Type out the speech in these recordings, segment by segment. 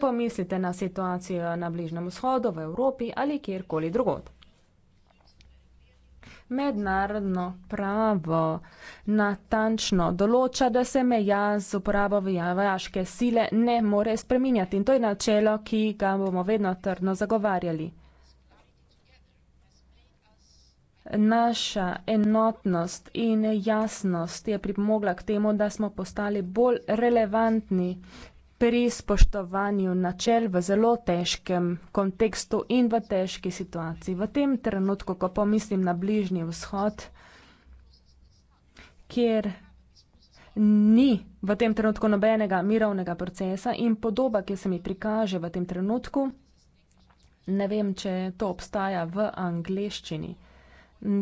pomislite na situacijo na Bližnjem vzhodu, v Evropi ali kjerkoli drugod. Mednarodno pravo natančno določa, da se meja z uporabo vojaške sile ne more spreminjati in to je načelo, ki ga bomo vedno trdno zagovarjali. Naša enotnost in jasnost je pripomogla k temu, da smo postali bolj relevantni pri spoštovanju načel v zelo težkem kontekstu in v težki situaciji. V tem trenutku, ko pomislim na bližnji vzhod, kjer ni v tem trenutku nobenega mirovnega procesa in podoba, ki se mi prikaže v tem trenutku, ne vem, če to obstaja v angleščini,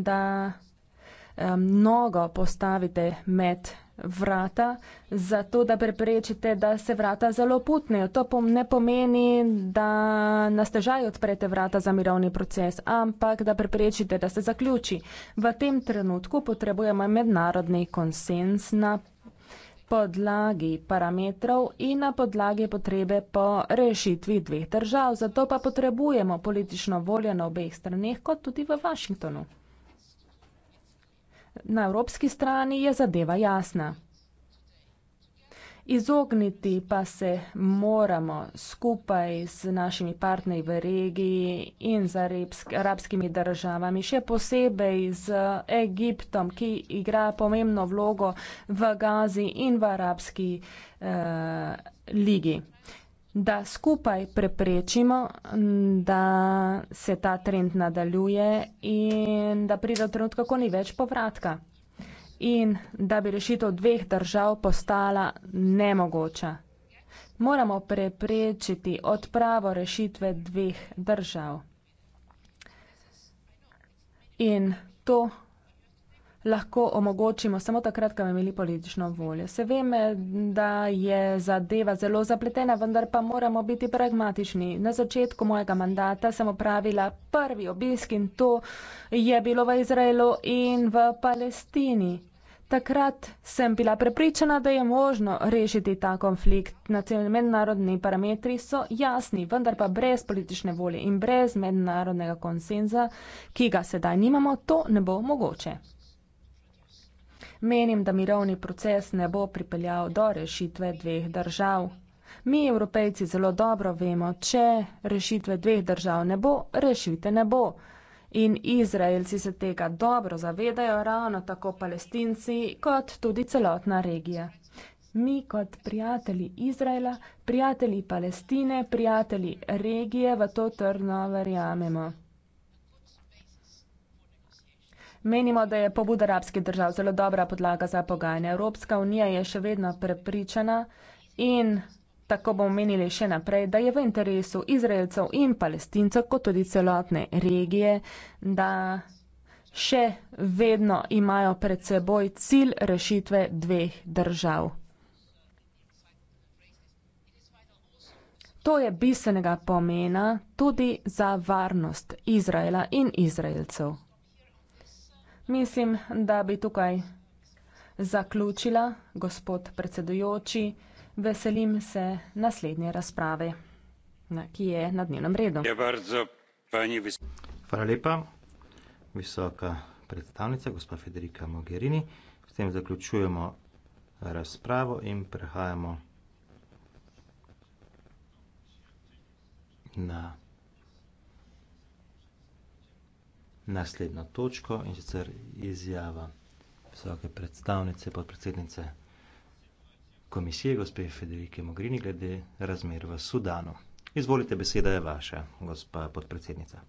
da eh, mnogo postavite med vrata, zato da preprečite, da se vrata zelo putnejo. To pom ne pomeni, da nastežaj odprete vrata za mirovni proces, ampak da preprečite, da se zaključi. V tem trenutku potrebujemo mednarodni konsens na podlagi parametrov in na podlagi potrebe po rešitvi dveh držav. Zato pa potrebujemo politično voljo na obeh straneh, kot tudi v Vašingtonu. Na evropski strani je zadeva jasna. Izogniti pa se moramo skupaj z našimi partnerji v regiji in z arabskimi državami, še posebej z Egiptom, ki igra pomembno vlogo v Gazi in v arabski eh, ligi da skupaj preprečimo, da se ta trend nadaljuje in da pride do trenutka, ko ni več povratka. In da bi rešitev dveh držav postala nemogoča. Moramo preprečiti odpravo rešitve dveh držav. In to lahko omogočimo samo takrat, ko bomo imeli politično voljo. Se vem, da je zadeva zelo zapletena, vendar pa moramo biti pragmatični. Na začetku mojega mandata sem opravila prvi obisk in to je bilo v Izraelu in v Palestini. Takrat sem bila prepričana, da je možno rešiti ta konflikt. Mednarodni parametri so jasni, vendar pa brez politične volje in brez mednarodnega konsenza, ki ga sedaj nimamo, to ne bo mogoče. Menim, da mirovni proces ne bo pripeljal do rešitve dveh držav. Mi, evropejci, zelo dobro vemo, če rešitve dveh držav ne bo, rešitve ne bo. In Izraelci se tega dobro zavedajo, ravno tako palestinci, kot tudi celotna regija. Mi kot prijatelji Izraela, prijatelji Palestine, prijatelji regije v to trdno verjamemo. Menimo, da je pobuda arabskih držav zelo dobra podlaga za pogajanje. Evropska unija je še vedno prepričana in tako bomo menili še naprej, da je v interesu Izraelcev in Palestincev, kot tudi celotne regije, da še vedno imajo pred seboj cilj rešitve dveh držav. To je bistvenega pomena tudi za varnost Izraela in Izraelcev. Mislim, da bi tukaj zaključila, gospod predsedujoči. Veselim se naslednje razprave, ki je na dnevnem redu. Ja, Hvala lepa, visoka predstavnica, gospa Federika Mogherini. S tem zaključujemo razpravo in prehajamo na. naslednjo točko in sicer izjava visoke predstavnice, podpredsednice komisije, gospe Federike Mogrini, glede razmer v Sudanu. Izvolite, beseda je vaša, gospa podpredsednica.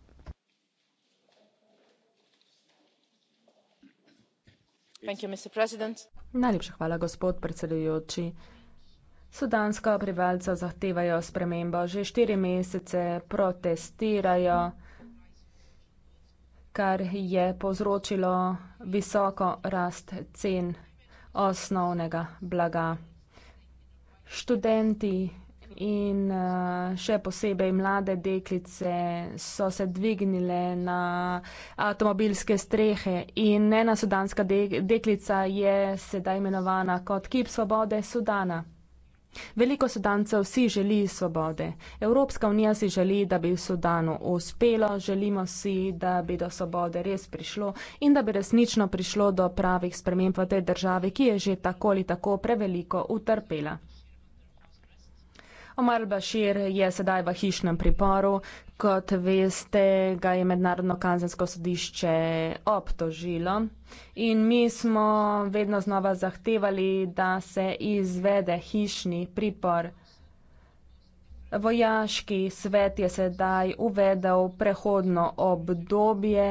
Najlepša hvala, gospod predsedujoči. Sudanska prebivalca zahtevajo spremembo. Že štiri mesece protestirajo. Mm kar je povzročilo visoko rast cen osnovnega blaga. Študenti in eh, še posebej mlade deklice so se dvignile na avtomobilske strehe in ena sudanska deklica je sedaj imenovana kot kip svobode Sudana. Veliko sudancev si želi svobode. Evropska unija si želi, da bi Sudanu uspelo, želimo si, da bi do svobode res prišlo in da bi resnično prišlo do pravih sprememb v tej državi, ki je že tako ali tako preveliko utrpela. Omar Bashir je sedaj v hišnem priporu. Kot veste, ga je mednarodno kanzensko sodišče obtožilo in mi smo vedno znova zahtevali, da se izvede hišni pripor. Vojaški svet je sedaj uvedel prehodno obdobje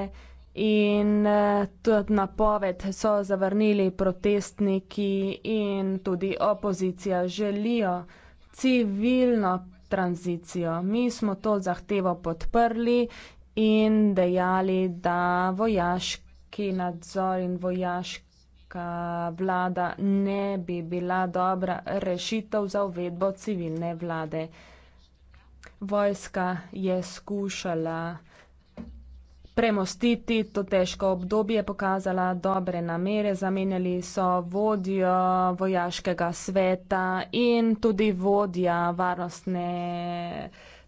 in tudi napoved so zavrnili protestniki in tudi opozicija želijo civilno tranzicijo. Mi smo to zahtevo podprli in dejali, da vojaški nadzor in vojaška vlada ne bi bila dobra rešitev za uvedbo civilne vlade. Vojska je skušala premostiti to težko obdobje, pokazala dobre namere, zamenjali so vodjo vojaškega sveta in tudi vodja varnostne,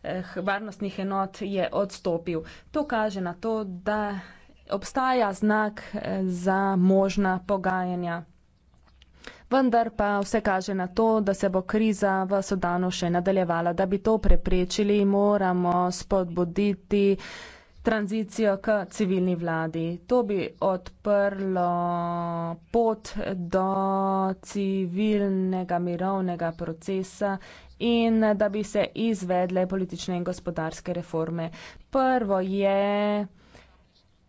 eh, varnostnih enot je odstopil. To kaže na to, da obstaja znak eh, za možna pogajanja. Vendar pa vse kaže na to, da se bo kriza v Sudanu še nadaljevala. Da bi to preprečili, moramo spodbuditi tranzicijo k civilni vladi. To bi odprlo pot do civilnega mirovnega procesa in da bi se izvedle politične in gospodarske reforme. Prvo je,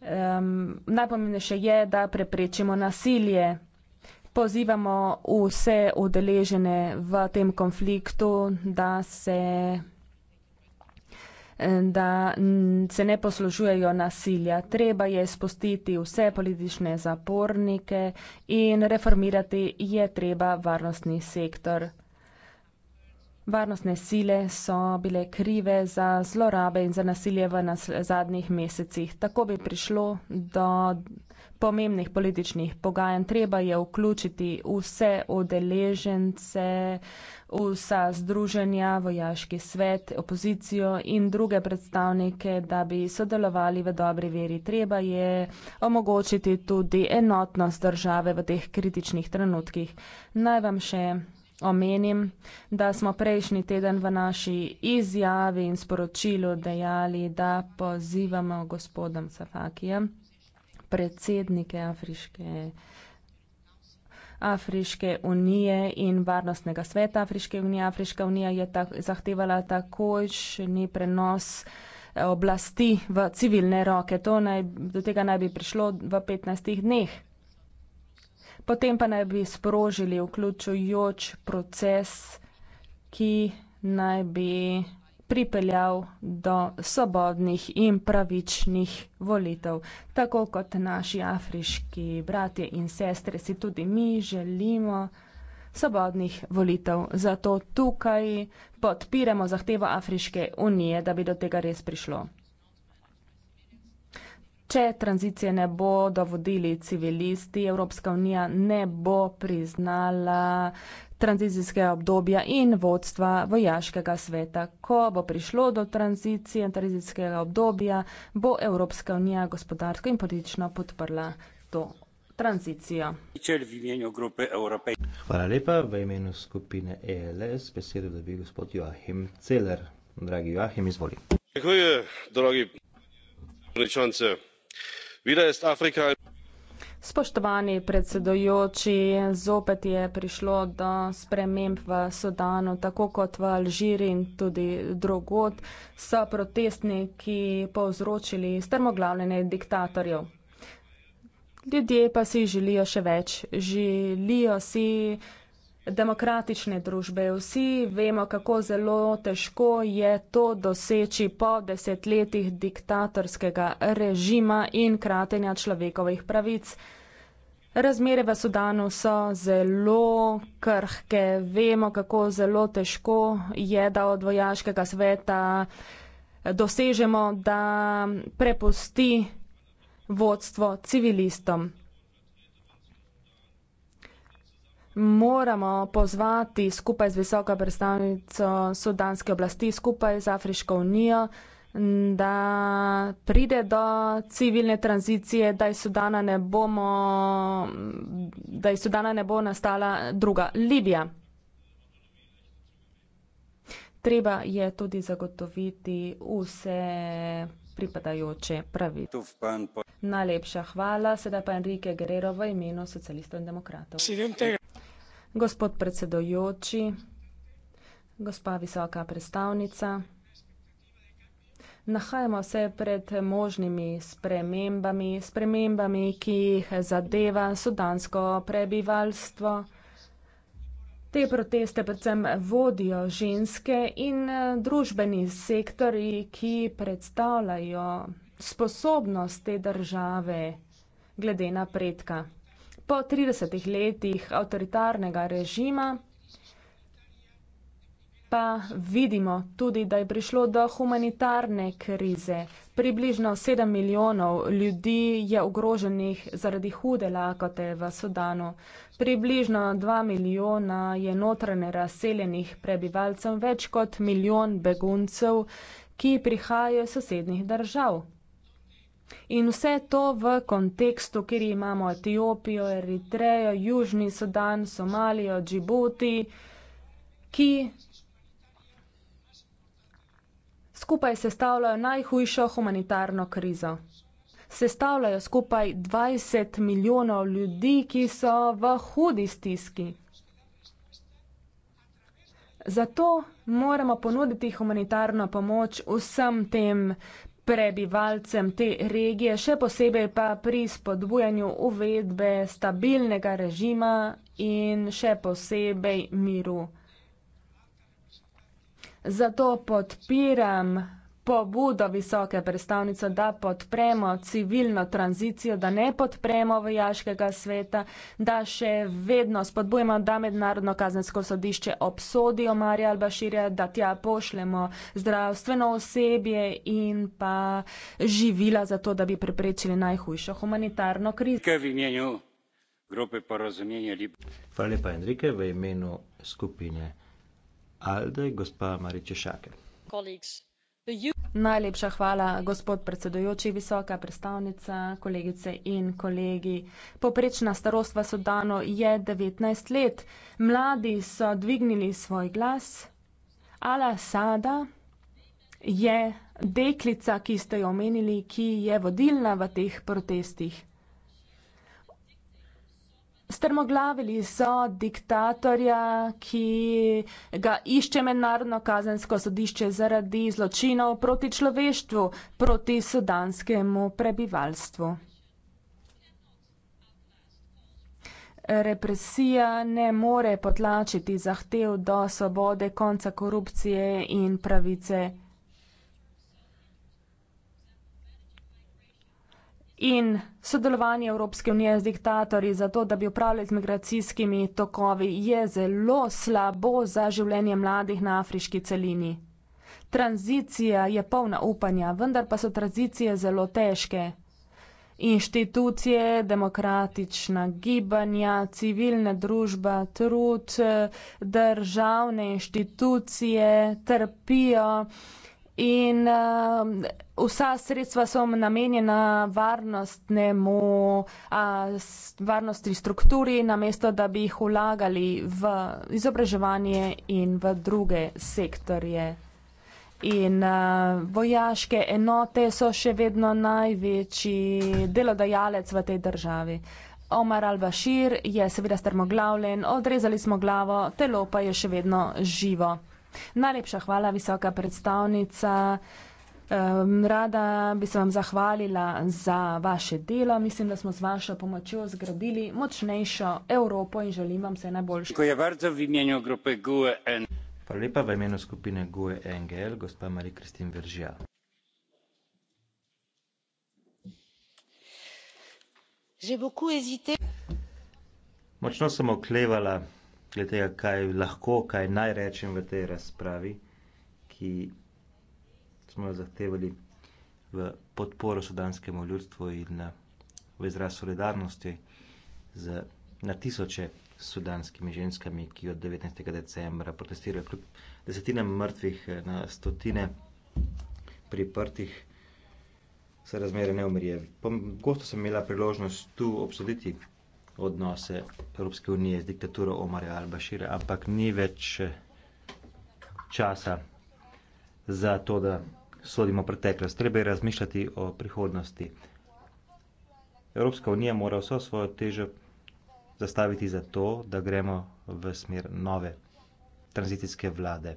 um, najpomembnejše je, da preprečimo nasilje. Pozivamo vse udeležene v tem konfliktu, da se da se ne poslužujejo nasilja. Treba je spustiti vse politične zapornike in reformirati je treba varnostni sektor. Varnostne sile so bile krive za zlorabe in za nasilje v zadnjih mesecih. Tako bi prišlo do pomembnih političnih pogajanj. Treba je vključiti vse odeležence, vsa združenja, vojaški svet, opozicijo in druge predstavnike, da bi sodelovali v dobri veri. Treba je omogočiti tudi enotnost države v teh kritičnih trenutkih. Naj vam še omenim, da smo prejšnji teden v naši izjavi in sporočilu dejali, da pozivamo gospodom Safakijem predsednike Afriške, Afriške unije in Varnostnega sveta Afriške unije. Afriška unija je ta, zahtevala takojšnji prenos eh, oblasti v civilne roke. To naj, do tega naj bi prišlo v 15 dneh. Potem pa naj bi sprožili vključujoč proces, ki naj bi pripeljal do svobodnih in pravičnih volitev. Tako kot naši afriški bratje in sestre si tudi mi želimo svobodnih volitev. Zato tukaj podpiramo zahtevo Afriške unije, da bi do tega res prišlo. Če tranzicije ne bodo vodili civilisti, Evropska unija ne bo priznala tranzicijskega obdobja in vodstva vojaškega sveta. Ko bo prišlo do tranzicije in tranzicijskega obdobja, bo Evropska unija gospodarsko in politično podprla to tranzicijo. Hvala lepa. V imenu skupine ELS besedo dobi gospod Joachim Celer. Dragi Joachim, izvoli. Hvala, dragi Američance. Vida je Afrika. Spoštovani predsedojoči, zopet je prišlo do sprememb v Sudanu, tako kot v Alžiri in tudi drugot, so protestniki povzročili strmoglavljene diktatorjev. Ljudje pa si želijo še več. Želijo si demokratične družbe. Vsi vemo, kako zelo težko je to doseči po desetletjih diktatorskega režima in kratenja človekovih pravic. Razmere v Sudanu so zelo krhke. Vemo, kako zelo težko je, da od vojaškega sveta dosežemo, da prepusti vodstvo civilistom. moramo pozvati skupaj z visoko predstavnico sudanske oblasti, skupaj z Afriško unijo, da pride do civilne tranzicije, da iz Sudana ne, bomo, da iz Sudana ne bo nastala druga Libija. Treba je tudi zagotoviti vse pripadajoče pravice. Najlepša hvala, sedaj pa Enrique Guerrero v imenu socialistov in demokratov. Gospod predsedojoči, gospa visoka predstavnica, nahajamo se pred možnimi spremembami, spremembami, ki jih zadeva sudansko prebivalstvo. Te proteste predvsem vodijo ženske in eh, družbeni sektorji, ki predstavljajo sposobnost te države glede napredka po 30 letih avtoritarnega režima pa vidimo tudi, da je prišlo do humanitarne krize. Približno 7 milijonov ljudi je ogroženih zaradi hude lakote v Sudanu. Približno 2 milijona je notranje razseljenih prebivalcev, več kot milijon beguncev, ki prihajajo iz sosednjih držav. In vse to v kontekstu, kjer imamo Etiopijo, Eritrejo, Južni Sudan, Somalijo, Džibuti, ki skupaj sestavljajo najhujšo humanitarno krizo. Sestavljajo skupaj 20 milijonov ljudi, ki so v hudi stiski. Zato moramo ponuditi humanitarno pomoč vsem tem prebivalcem te regije, še posebej pa pri spodbujanju uvedbe stabilnega režima in še posebej miru. Zato podpiram pobudo visoke predstavnice, da podpremo civilno tranzicijo, da ne podpremo vojaškega sveta, da še vedno spodbujemo, da mednarodno kazensko sodišče obsodi Omarja Albaširja, da tja pošljemo zdravstveno osebje in pa živila za to, da bi preprečili najhujšo humanitarno krizo. Hvala lepa, Enrike, v imenu skupine Alde, gospa Mariče Šake. Colleagues. Najlepša hvala, gospod predsedujoči, visoka predstavnica, kolegice in kolegi. Poprečna starost v Sudanu je 19 let. Mladi so dvignili svoj glas. Ala Sada je deklica, ki ste jo omenili, ki je vodilna v teh protestih. Strmoglavili so diktatorja, ki ga išče mednarodno kazensko sodišče zaradi zločinov proti človeštvu, proti sudanskemu prebivalstvu. Represija ne more potlačiti zahtev do svobode, konca korupcije in pravice in sodelovanje Evropske unije z diktatorji za to, da bi upravljali z migracijskimi tokovi, je zelo slabo za življenje mladih na afriški celini. Tranzicija je polna upanja, vendar pa so tranzicije zelo težke. Inštitucije, demokratična gibanja, civilna družba, trud, državne inštitucije trpijo. In uh, vsa sredstva so namenjena varnostnemu, uh, varnostni strukturi, namesto da bi jih ulagali v izobraževanje in v druge sektorje. In uh, vojaške enote so še vedno največji delodajalec v tej državi. Omar al-Bashir je seveda strmoglavljen, odrezali smo glavo, telo pa je še vedno živo. Najlepša hvala, visoka predstavnica. Rada bi se vam zahvalila za vaše delo. Mislim, da smo z vašo pomočjo zgradili močnejšo Evropo in želim vam vse najboljše. Ko je vrdzo v imenu grupe GUEN. Hvala lepa v imenu skupine GUEN-GL, gospa Marie-Kristin Veržija. Močno sem oklevala, glede tega, kaj lahko, kaj naj rečem v tej razpravi, ki smo jo zahtevali v podporo sudanskemu ljudstvu in eh, v izraz solidarnosti z na tisoče sudanskimi ženskami, ki od 19. decembra protestirajo kljub desetinam mrtvih eh, na stotine priprtih, se razmere ne umirijo. Pogosto sem imela priložnost tu obsoditi odnose Evropske unije z diktaturo Omarja Al-Bashira, ampak ni več eh, časa za to, da sodimo preteklost. Treba je razmišljati o prihodnosti. Evropska unija mora vso svojo težo zastaviti za to, da gremo v smer nove tranzicijske vlade.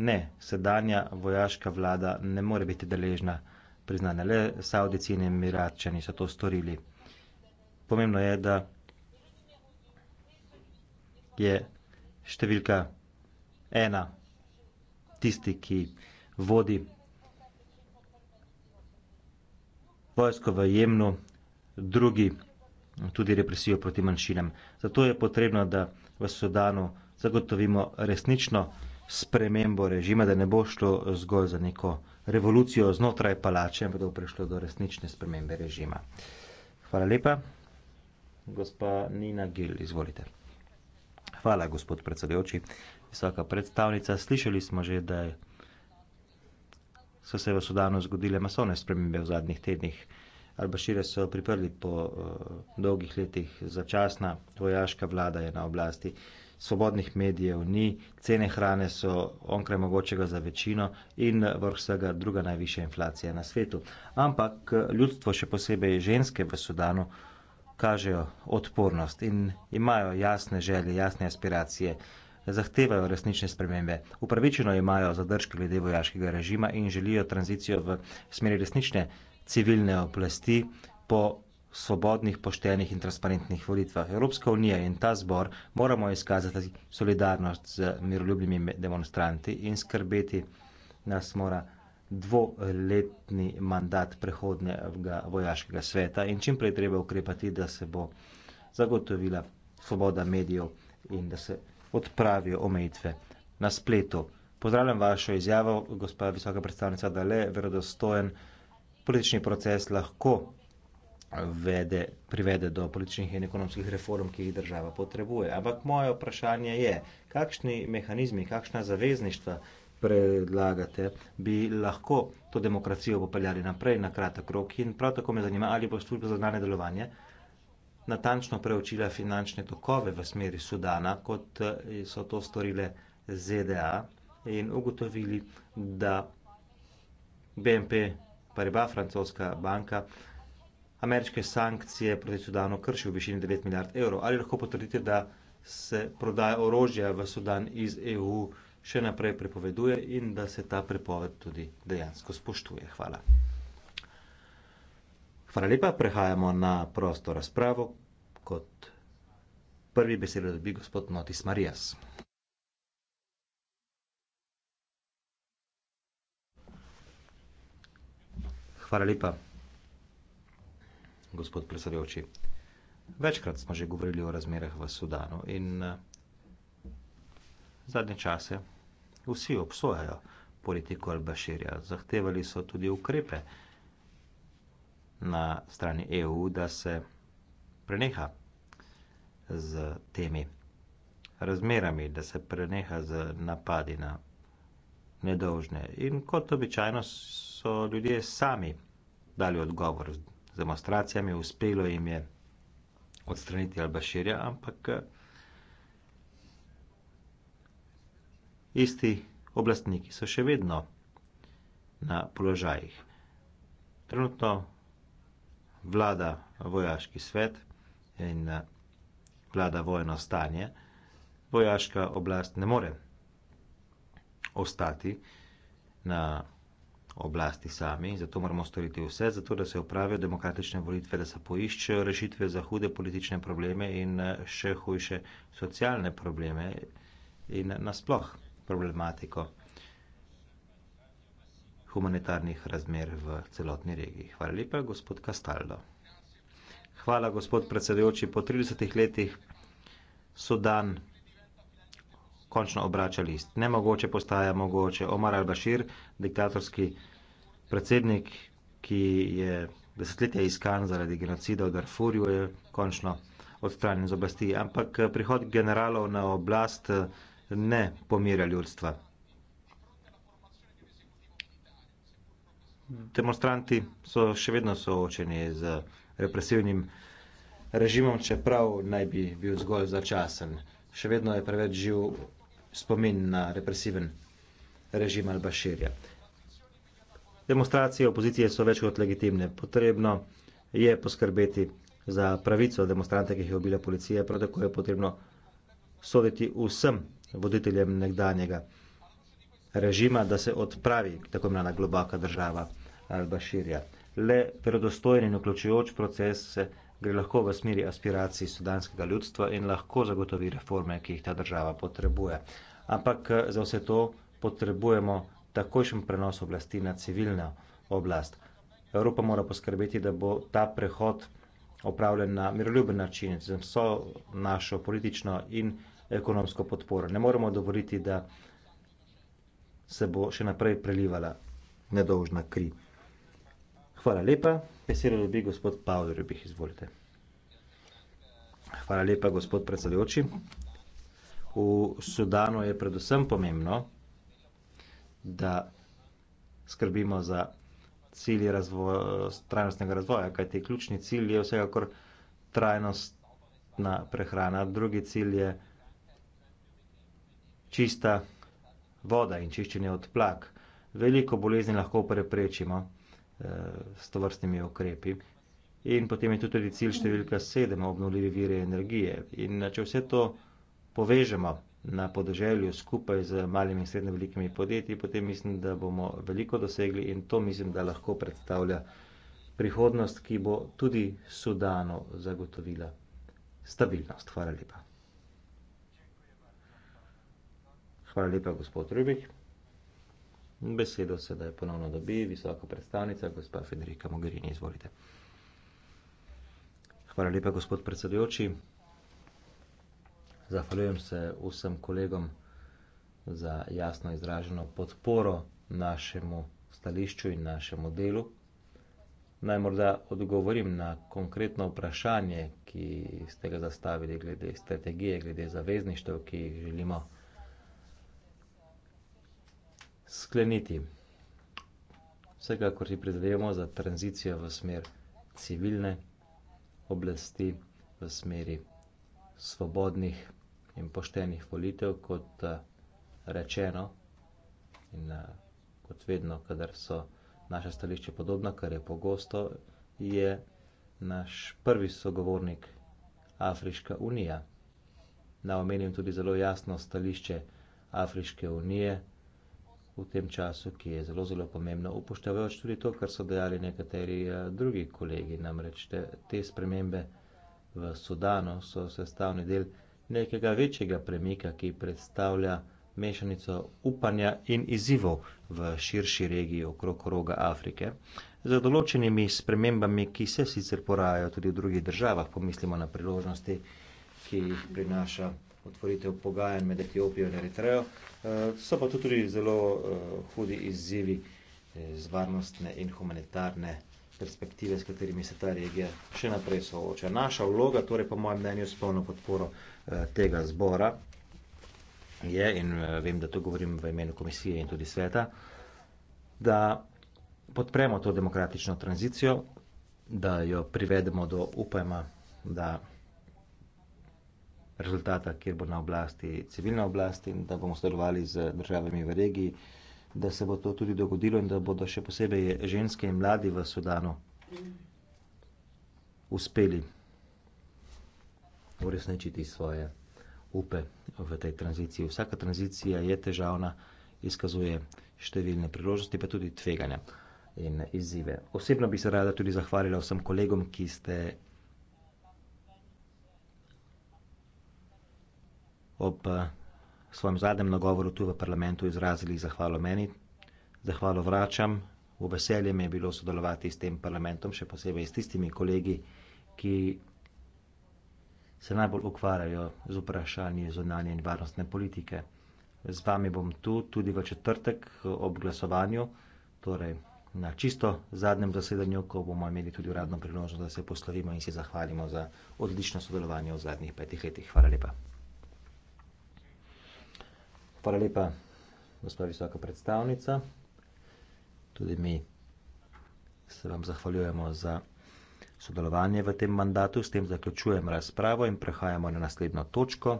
Ne, sedanja vojaška vlada ne more biti deležna priznane. Le Saudici in Emiratčani so to storili pomembno je, da je številka ena tisti, ki vodi vojsko v Jemnu, drugi tudi represijo proti manjšinam. Zato je potrebno, da v Sudanu zagotovimo resnično spremembo režima, da ne bo šlo zgolj za neko revolucijo znotraj palače, ampak da bo prišlo do resnične spremembe režima. Hvala lepa gospa Nina Gil, izvolite. Hvala, gospod predsedujoči, visoka predstavnica. Slišali smo že, da so se v Sudanu zgodile masovne spremembe v zadnjih tednih. Albašire so priprli po uh, dolgih letih začasna, vojaška vlada je na oblasti, svobodnih medijev ni, cene hrane so onkraj mogočega za večino in vrh vsega druga najvišja inflacija na svetu. Ampak eh, ljudstvo, še posebej ženske v Sudanu, uh, kažejo odpornost in imajo jasne želje, jasne aspiracije, zahtevajo resnične spremembe. Upravičeno imajo zadržke glede vojaškega režima in želijo tranzicijo v smeri resnične civilne oblasti po svobodnih, poštenih in transparentnih volitvah. Evropska unija in ta zbor moramo izkazati solidarnost z miroljubnimi demonstranti in skrbeti nas mora dvoletni mandat prehodnega vojaškega sveta in čim prej treba ukrepati, da se bo zagotovila svoboda medijev in da se odpravijo omejitve na spletu. Pozdravljam vašo izjavo, gospa visoka predstavnica, da le verodostojen politični proces lahko vede, privede do političnih in ekonomskih reform, ki jih država potrebuje. Ampak moje vprašanje je, kakšni mehanizmi, kakšna zavezništva predlagate, bi lahko to demokracijo popeljali naprej na kratek rok. In prav tako me zanima, ali bo služba za znane delovanje natančno preučila finančne tokove v smeri Sudana, kot eh, so to storile ZDA in ugotovili, da BNP Pariba, francoska banka, ameriške sankcije proti Sudanu krši v višini 9 milijard evrov. Ali lahko potrdite, da se prodaja orožja v Sudan iz EU? še naprej prepoveduje in da se ta prepoved tudi dejansko spoštuje. Hvala. Hvala lepa, prehajamo na prosto razpravo. Kot prvi besedo dobi gospod Notis Marijas. Hvala lepa, gospod predsedujoči. Večkrat smo že govorili o razmerah v Sudanu in zadnje čase vsi obsojajo politiko Al-Bashirja. Zahtevali so tudi ukrepe na strani EU, da se preneha z temi razmerami, da se preneha z napadi na nedolžne. In kot običajno so ljudje sami dali odgovor z demonstracijami, uspelo jim je odstraniti Al-Bashirja, ampak isti oblastniki so še vedno na položajih. Trenutno vlada vojaški svet in eh, vlada vojno stanje. Vojaška oblast ne more ostati na oblasti sami, zato moramo storiti vse, zato da se opravijo demokratične volitve, da se poiščejo rešitve za hude politične probleme in eh, še hujše socialne probleme in eh, nasploh problematiko humanitarnih razmer v celotni regiji. Hvala lepa, gospod Castaldo. Hvala, gospod predsedujoči. Po 30 letih Sudan končno obrača list. Nemogoče postaja mogoče. Omar al-Bashir, diktatorski predsednik, ki je desetletja iskan zaradi genocida v Darfurju, je končno odstranjen z oblasti. Ampak eh, prihod generalov na oblast eh, ne pomirja ljudstva. Demonstranti so še vedno soočeni z represivnim režimom, čeprav naj bi bil zgolj začasen. Še vedno je preveč živ spomin na represiven režim Al-Bashirja. Demonstracije opozicije so več kot legitimne. Potrebno je poskrbeti za pravico demonstrante, ki jih je obila policija, prav tako je potrebno soditi vsem voditeljem nekdanjega režima, da se odpravi tako imena globaka država Al-Bashirja. Le predostojen in vključujoč proces se gre lahko v smeri aspiracij sudanskega ljudstva in lahko zagotovi reforme, ki jih ta država potrebuje. Ampak eh, za vse to potrebujemo takojšen prenos oblasti na civilno oblast. Evropa mora poskrbeti, da bo ta prehod opravljen na miroljuben način, z vso našo politično in politično ekonomsko podporo. Ne moremo dovoliti, da se bo še naprej prelivala nedolžna kri. Hvala lepa, besedo dobi gospod Pavel Rubih, izvolite. Hvala lepa, gospod predsedujoči. V Sudanu je predvsem pomembno, da skrbimo za cilje razvoja, trajnostnega razvoja, kajti ključni cilj je vsekakor trajnostna prehrana, drugi cilj je čista voda in čiščenje od plak. Veliko bolezni lahko preprečimo eh, s to vrstnimi ukrepi. In potem je tudi cilj številka sedem, obnovljivi vire energije. In eh, če vse to povežemo na podeželju skupaj z malimi in srednje velikimi podjetji, potem mislim, da bomo veliko dosegli in to mislim, da lahko predstavlja prihodnost, ki bo tudi Sudanu zagotovila stabilnost. Hvala lepa. Hvala lepa, gospod Rubik. Besedo sedaj ponovno dobi visoka predstavnica, gospa Federica Mogherini. Izvolite. Hvala lepa, gospod predsedujoči. Zahvaljujem se vsem kolegom za jasno izraženo podporo našemu stališču in našemu delu. Naj morda odgovorim na konkretno vprašanje, ki ste ga zastavili glede strategije, glede zavezništev, ki jih želimo skleniti. Vsekakor si prizadevamo za tranzicijo v smer civilne oblasti, v smeri svobodnih in poštenih volitev, kot eh, rečeno in eh, kot vedno, kadar so naše stališče podobno, kar je pogosto, je naš prvi sogovornik Afriška unija. Naomenim tudi zelo jasno stališče Afriške unije, v tem času, ki je zelo, zelo pomembno, upoštevajoč tudi to, kar so dejali nekateri eh, drugi kolegi. Namreč te, te spremembe v Sudanu so sestavni del nekega večjega premika, ki predstavlja mešanico upanja in izzivov v širši regiji okrog roga Afrike. Za določenimi spremembami, ki se sicer porajajo tudi v drugih državah, pomislimo na priložnosti, ki jih prinaša otvoritev pogajanj med Etiopijo in Eritrejo. Eh, so pa tudi zelo eh, hudi izzivi eh, z varnostne in humanitarne perspektive, s katerimi se ta regija še naprej sooča. Naša vloga, torej po mojem mnenju s polno podporo tega zbora, je, in vem, da to govorim v imenu komisije in tudi sveta, da podpremo to demokratično tranzicijo, da jo privedemo do upajma, da rezultata, kjer bo na oblasti civilna oblast in da bomo sodelovali z državami v regiji, da se bo to tudi dogodilo in da bodo še posebej ženske in mladi v Sudanu uspeli uresničiti svoje upe v tej tranziciji. Vsaka tranzicija je težavna, izkazuje številne priložnosti, pa tudi tveganja in izzive. Osebno bi se rada tudi zahvalila vsem kolegom, ki ste ob eh, svojem zadnjem nagovoru tu v parlamentu izrazili zahvalo meni. Zahvalo vračam. V veselje mi je bilo sodelovati s tem parlamentom, še posebej s tistimi kolegi, ki se najbolj ukvarjajo z vprašanji zonanje in varnostne politike. Z vami bom tu tudi v četrtek ob glasovanju, torej na čisto zadnjem zasedanju, ko bomo imeli tudi uradno priložnost, da se poslovimo in se zahvalimo za odlično sodelovanje v zadnjih petih letih. Hvala lepa. Hvala lepa, gospod visoka predstavnica. Tudi mi se vam zahvaljujemo za sodelovanje v tem mandatu. S tem zaključujem razpravo in prehajamo na naslednjo točko.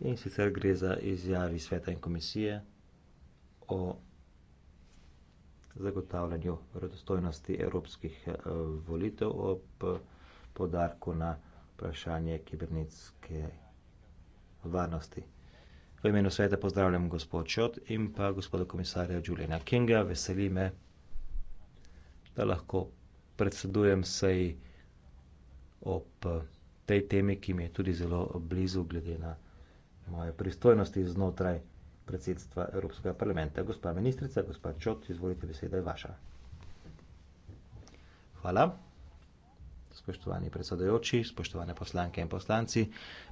In sicer gre za izjavi sveta in komisije o zagotavljanju vredostojnosti evropskih eh, volitev ob podarku na vprašanje kibernetske varnosti. V imenu sveta pozdravljam gospod Šot in pa gospoda komisarja Julina Kinga. Veseli me, da lahko predsedujem sej ob tej temi, ki mi je tudi zelo blizu, glede na moje pristojnosti znotraj predsedstva Evropskega parlamenta. Gospa ministrica, gospod Čot, izvolite, beseda je vaša. Hvala. Spoštovani predsedojoči, spoštovane poslanke in poslanci,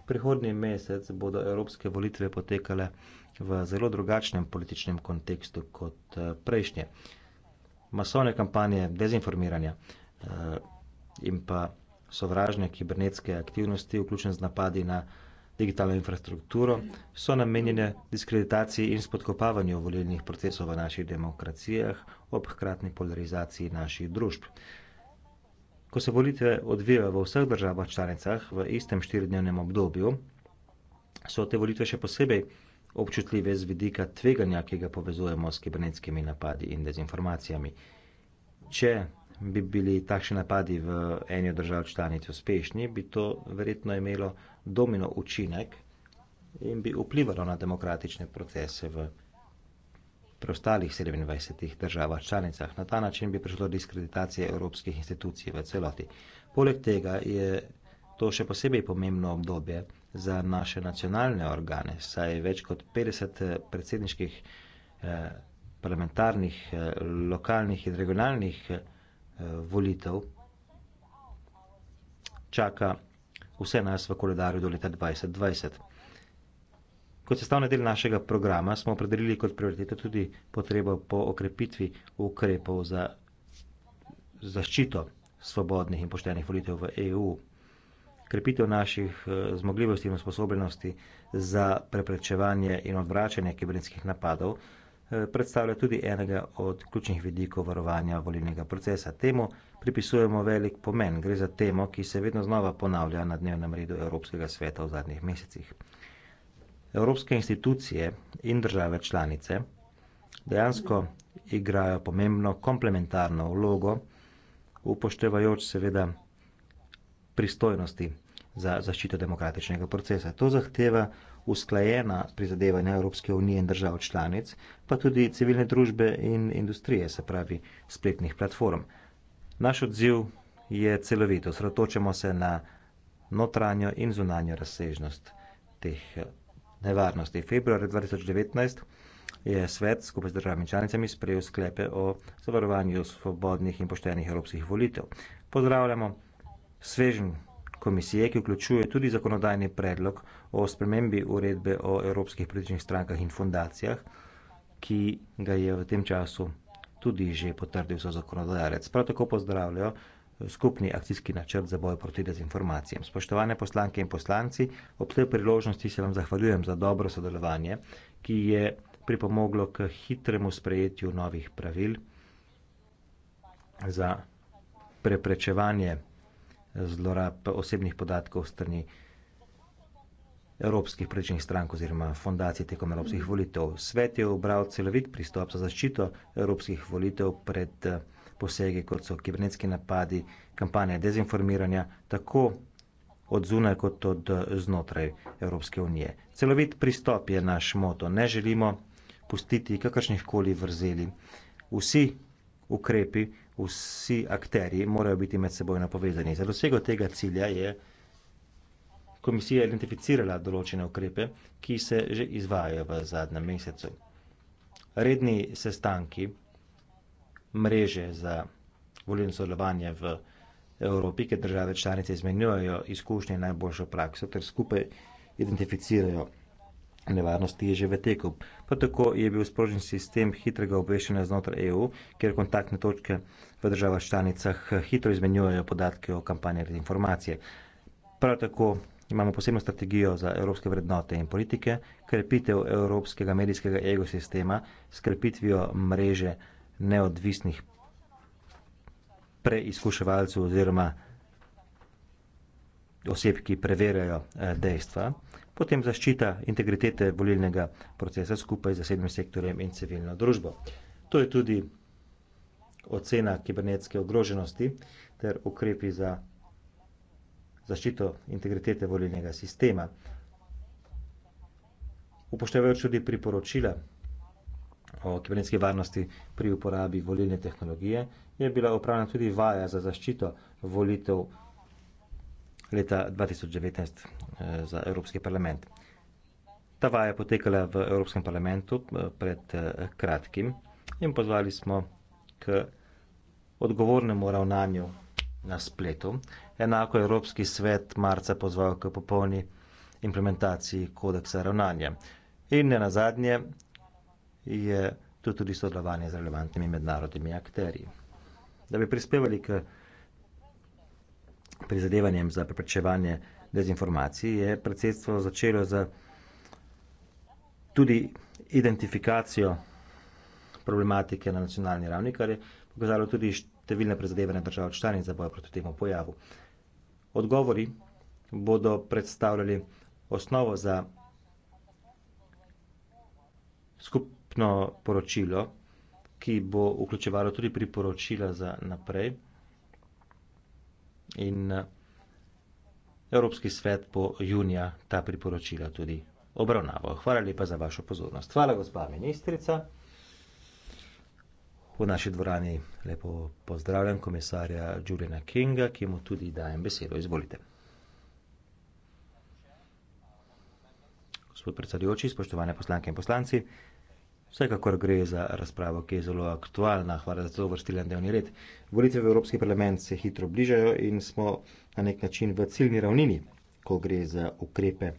prihodnji mesec bodo evropske volitve potekale v zelo drugačnem političnem kontekstu kot eh, prejšnje. Masovne kampanje dezinformiranja eh, in pa sovražne kibernetske aktivnosti, vključen z napadi na digitalno infrastrukturo, so namenjene diskreditaciji in spodkopavanju volilnih procesov v naših demokracijah ob hkratni polarizaciji naših družb ko se volitve odvijajo v vseh državah članicah v istem štiridnevnem obdobju, so te volitve še posebej občutljive z vidika tveganja, ki ga povezujemo s kibernetskimi napadi in dezinformacijami. Če bi bili takšni napadi v eni od držav članic uspešni, bi to verjetno imelo domino učinek in bi vplivalo na demokratične procese v državi preostalih 27 državah članicah. Na ta način bi prišlo do diskreditacije evropskih institucij v celoti. Poleg tega je to še posebej pomembno obdobje za naše nacionalne organe, saj je več kot 50 eh, predsedniških, eh, parlamentarnih, eh, lokalnih in regionalnih volitev čaka vse nas v koledarju do leta 2020. Kot sestavni del našega programa smo opredelili kot prioriteto tudi potrebo po okrepitvi ukrepov za zaščito svobodnih in poštenih volitev v EU, krepitev naših eh, zmogljivosti in usposobljenosti za preprečevanje in odvračanje kibernetskih napadov eh, predstavlja tudi enega od ključnih vidikov varovanja volilnega procesa. Temu pripisujemo velik pomen. Gre za temo, ki se vedno znova ponavlja na dnevnem redu Evropskega sveta v zadnjih mesecih. Evropske institucije in države članice dejansko igrajo pomembno komplementarno vlogo, upoštevajoč seveda pristojnosti za zaščito demokratičnega procesa. To zahteva usklajena prizadevanja Evropske unije in držav članic, pa tudi civilne družbe in industrije, se pravi spletnih platform. Naš odziv je celovito, sratočemo se na notranjo in zunanjo razsežnost teh nevarnosti. Februarja 2019 je svet skupaj z državami članicami sprejel sklepe o zavarovanju svobodnih in poštenih evropskih volitev. Pozdravljamo svežen komisije, ki vključuje tudi zakonodajni predlog o spremembi uredbe o evropskih političnih strankah in fundacijah, ki ga je v tem času tudi že potrdil so zakonodajalec. Prav tako pozdravljajo skupni akcijski načrt za boj proti dezinformacijam. Spoštovane poslanke in poslanci, ob tej priložnosti se vam zahvaljujem za dobro sodelovanje, ki je pripomoglo k hitremu sprejetju novih pravil za preprečevanje zlorab osebnih podatkov strani evropskih prečnih strank oziroma fondacij tekom evropskih volitev. Svet je obral celovit pristop za zaščito evropskih volitev pred posege kot so kibernetski napadi kampanja dezinformiranja tako od zunaj kot od eh, znotraj evropske unije celovit pristop je naš moto ne želimo pustiti kakršnih koli vrzeli vsi ukrepi vsi akteri morajo biti med seboj napovezani za dosego tega cilja je komisija identificirala določene ukrepe ki se že izvajajo v zadnjem mesecu redni sestanki mreže za volilno sodelovanje v Evropi, ker države članice izmenjujejo izkušnje in najboljšo prakso ter skupaj identificirajo nevarnost, ki je že v teku. Prav tako je bil sprožen sistem hitrega obveščanja znotraj EU, kjer kontaktne točke v državah članicah hitro izmenjujejo podatke o kampanji in informacije. Prav tako imamo posebno strategijo za evropske vrednote in politike, krepitev evropskega medijskega ekosistema s krepitvijo mreže neodvisnih preizkuševalcev oziroma oseb, ki preverjajo eh, dejstva, potem zaščita integritete volilnega procesa skupaj z zasebnim sektorjem in civilno družbo. To je tudi ocena kibernetske ogroženosti ter ukrepi za zaščito integritete volilnega sistema. Upoštevajoč tudi priporočila o kibernetski varnosti pri uporabi volilne tehnologije, je bila upravljena tudi vaja za zaščito volitev leta 2019 eh, za Evropski parlament. Ta vaja je potekala v Evropskem parlamentu eh, pred eh, kratkim in pozvali smo k odgovornemu ravnanju na spletu. Enako Evropski svet marca pozval k popolni implementaciji kodeksa ravnanja. In ne nazadnje, je to tudi sodelovanje z relevantnimi mednarodnimi akterji. Da bi prispevali k prizadevanjem za preprečevanje dezinformacij, je predsedstvo začelo z tudi identifikacijo problematike na nacionalni ravni, kar je pokazalo tudi številne prizadevanja držav članic za boj proti temu pojavu. Odgovori bodo predstavljali osnovo za skupaj skupno poročilo, ki bo vključevalo tudi priporočila za naprej. In eh, Evropski svet bo junija ta priporočila tudi obravnaval. Hvala lepa za vašo pozornost. Hvala, gospa ministrica. V naši dvorani lepo pozdravljam komisarja Juliana Kinga, ki mu tudi dajem besedo. Izvolite. Gospod predsedujoči, spoštovane poslanke in poslanci, Vsekakor gre za razpravo, ki je zelo aktualna. Hvala za to vrstilen dnevni red. Volitve v Evropski parlament se hitro bližajo in smo na nek način v ciljni ravnini, ko gre za ukrepe